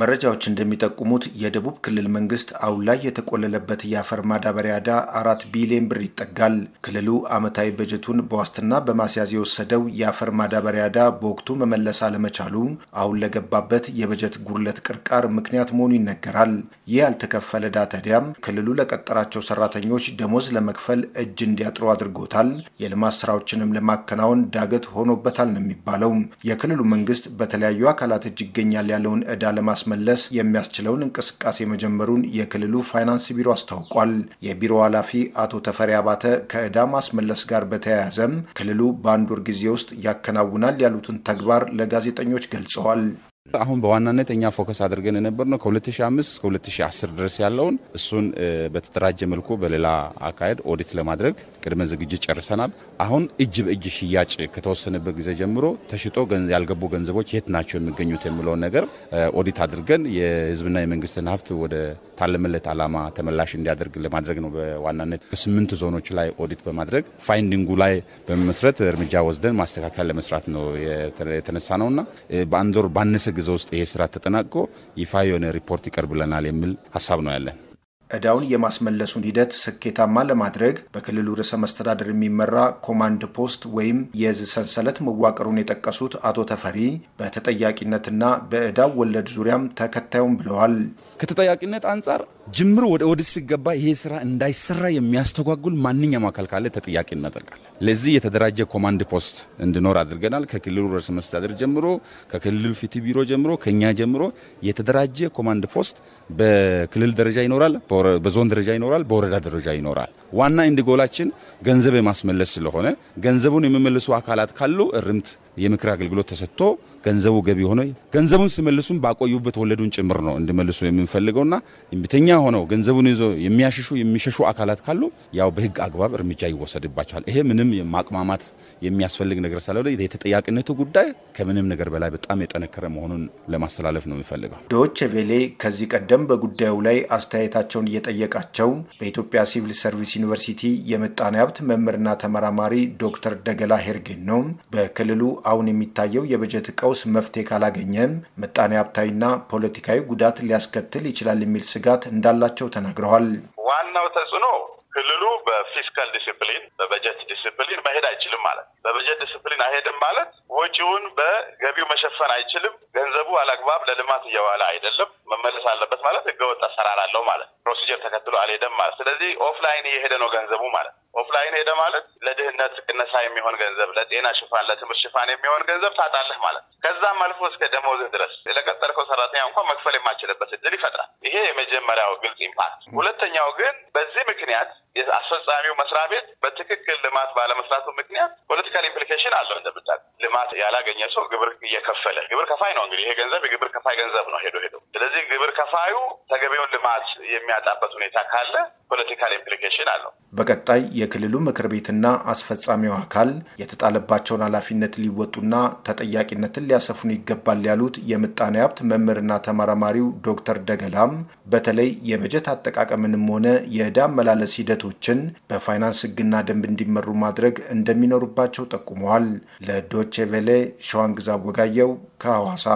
መረጃዎች እንደሚጠቁሙት የደቡብ ክልል መንግስት አሁን ላይ የተቆለለበት የአፈር ማዳበሪያ ዕዳ አራት ቢሊዮን ብር ይጠጋል። ክልሉ ዓመታዊ በጀቱን በዋስትና በማስያዝ የወሰደው የአፈር ማዳበሪያ ዕዳ በወቅቱ መመለስ አለመቻሉ አሁን ለገባበት የበጀት ጉድለት ቅርቃር ምክንያት መሆኑ ይነገራል። ይህ ያልተከፈለ ዕዳ ታዲያም ክልሉ ለቀጠራቸው ሰራተኞች ደሞዝ ለመክፈል እጅ እንዲያጥሩ አድርጎታል። የልማት ስራዎችንም ለማከናወን ዳገት ሆኖበታል ነው የሚባለው። የክልሉ መንግስት በተለያዩ አካላት እጅ ይገኛል ያለውን ዕዳ ለማስ ለማስመለስ የሚያስችለውን እንቅስቃሴ መጀመሩን የክልሉ ፋይናንስ ቢሮ አስታውቋል። የቢሮ ኃላፊ አቶ ተፈሪ አባተ ከዕዳ ማስመለስ ጋር በተያያዘም ክልሉ በአንድ ወር ጊዜ ውስጥ ያከናውናል ያሉትን ተግባር ለጋዜጠኞች ገልጸዋል። አሁን በዋናነት እኛ ፎከስ አድርገን የነበር ነው ከ2005 እስከ 2010 ድረስ ያለውን እሱን በተደራጀ መልኩ በሌላ አካሄድ ኦዲት ለማድረግ ቅድመ ዝግጅት ጨርሰናል። አሁን እጅ በእጅ ሽያጭ ከተወሰነበት ጊዜ ጀምሮ ተሽጦ ያልገቡ ገንዘቦች የት ናቸው የሚገኙት የሚለውን ነገር ኦዲት አድርገን የሕዝብና የመንግስትን ሀብት ወደ ታለመለት ዓላማ ተመላሽ እንዲያደርግ ለማድረግ ነው። በዋናነት በስምንት ዞኖች ላይ ኦዲት በማድረግ ፋይንዲንጉ ላይ በመመስረት እርምጃ ወስደን ማስተካከል ለመስራት ነው የተነሳ ነውና በአንድ ወር ባነሰ ጊዜ ውስጥ ይሄ ስራ ተጠናቅቆ ይፋ የሆነ ሪፖርት ይቀርብለናል የሚል ሀሳብ ነው ያለን። እዳውን የማስመለሱን ሂደት ስኬታማ ለማድረግ በክልሉ ርዕሰ መስተዳድር የሚመራ ኮማንድ ፖስት ወይም የዝ ሰንሰለት መዋቅሩን የጠቀሱት አቶ ተፈሪ በተጠያቂነትና በእዳው ወለድ ዙሪያም ተከታዩም ብለዋል። ከተጠያቂነት አንጻር ጅምር ወደ ወደ ሲገባ ይሄ ስራ እንዳይሰራ የሚያስተጓጉል ማንኛውም አካል ካለ ተጠያቂ እናደርጋለን። ለዚህ የተደራጀ ኮማንድ ፖስት እንዲኖር አድርገናል። ከክልሉ ርዕሰ መስተዳድር ጀምሮ ከክልሉ ፍትህ ቢሮ ጀምሮ ከኛ ጀምሮ የተደራጀ ኮማንድ ፖስት በክልል ደረጃ ይኖራል፣ በዞን ደረጃ ይኖራል፣ በወረዳ ደረጃ ይኖራል። ዋና ኢንድ ጎላችን ገንዘብ የማስመለስ ስለሆነ ገንዘቡን የሚመልሱ አካላት ካሉ እርምት የምክር አገልግሎት ተሰጥቶ ገንዘቡ ገቢ ሆነ ገንዘቡን ሲመልሱም ባቆዩበት ወለዱን ጭምር ነው እንዲመልሱ የምንፈልገውና እምቢተኛ ሆነው ገንዘቡን ይዞ የሚያሽሹ የሚሸሹ አካላት ካሉ ያው በህግ አግባብ እርምጃ ይወሰድባቸዋል። ይሄ ምንም ማቅማማት የሚያስፈልግ ነገር ሳለ የተጠያቂነቱ ጉዳይ ከምንም ነገር በላይ በጣም የጠነከረ መሆኑን ለማስተላለፍ ነው የሚፈልገው። ዶች ቬሌ ከዚህ ቀደም በጉዳዩ ላይ አስተያየታቸውን እየጠየቃቸው በኢትዮጵያ ሲቪል ሰርቪስ ዩኒቨርሲቲ የምጣኔ ሀብት መምህርና ተመራማሪ ዶክተር ደገላ ሄርጌን ነው። በክልሉ አሁን የሚታየው የበጀት ቀውስ መፍትሄ ካላገኘም ምጣኔ ሀብታዊና ፖለቲካዊ ጉዳት ሊያስከትል ይችላል የሚል ስጋት እንዳላቸው ተናግረዋል። ዋናው ተጽዕኖ ክልሉ በፊስካል ዲስፕሊን በበጀት ዲስፕሊን መሄድ አይችልም ማለት በበጀት ዲስፕሊን አይሄድም ማለት ወጪውን በገቢው መሸፈን አይችልም። ገንዘቡ አላግባብ ለልማት እየዋለ አይደለም መመለስ አለበት ማለት ህገወጥ አሰራር አለው ማለት ፕሮሲጀር ተከትሎ አልሄደም ማለት። ስለዚህ ኦፍላይን እየሄደ ነው ገንዘቡ ማለት። ኦፍላይን ሄደ ማለት ለድህነት ቅነሳ የሚሆን ገንዘብ፣ ለጤና ሽፋን፣ ለትምህርት ሽፋን የሚሆን ገንዘብ ታጣለህ ማለት። ከዛም አልፎ እስከ ደሞዝህ ድረስ ለቀጠርከው ሰራተኛ እንኳን መክፈል የማችልበት እድል ይፈጥራል። ይሄ የመጀመሪያው ግልጽ ኢምፓክት። ሁለተኛው ግን በዚህ ምክንያት የአስፈጻሚው መስሪያ ቤት በትክክል ልማት ባለመስራቱ ምክንያት ፖለቲካል ኢምፕሊኬሽን አለው። እንደምታውቅ ልማት ያላገኘ ሰው ግብር እየከፈለ ግብር ከፋይ ነው እንግዲህ ይሄ ገንዘብ የግብር ከፋይ ገንዘብ ነው ሄዶ ሄዶ ከፋዩ ተገቢውን ልማት የሚያጣበት ሁኔታ ካለ ፖለቲካል ኢምፕሊኬሽን አለው። በቀጣይ የክልሉ ምክር ቤትና አስፈጻሚው አካል የተጣለባቸውን ኃላፊነት ሊወጡና ተጠያቂነትን ሊያሰፉን ይገባል ያሉት የምጣኔ ሀብት መምህርና ተመራማሪው ዶክተር ደገላም በተለይ የበጀት አጠቃቀምንም ሆነ የዕዳ አመላለስ ሂደቶችን በፋይናንስ ሕግና ደንብ እንዲመሩ ማድረግ እንደሚኖሩባቸው ጠቁመዋል። ለዶቼ ቬሌ ሸዋንግዛ ወጋየው ከሐዋሳ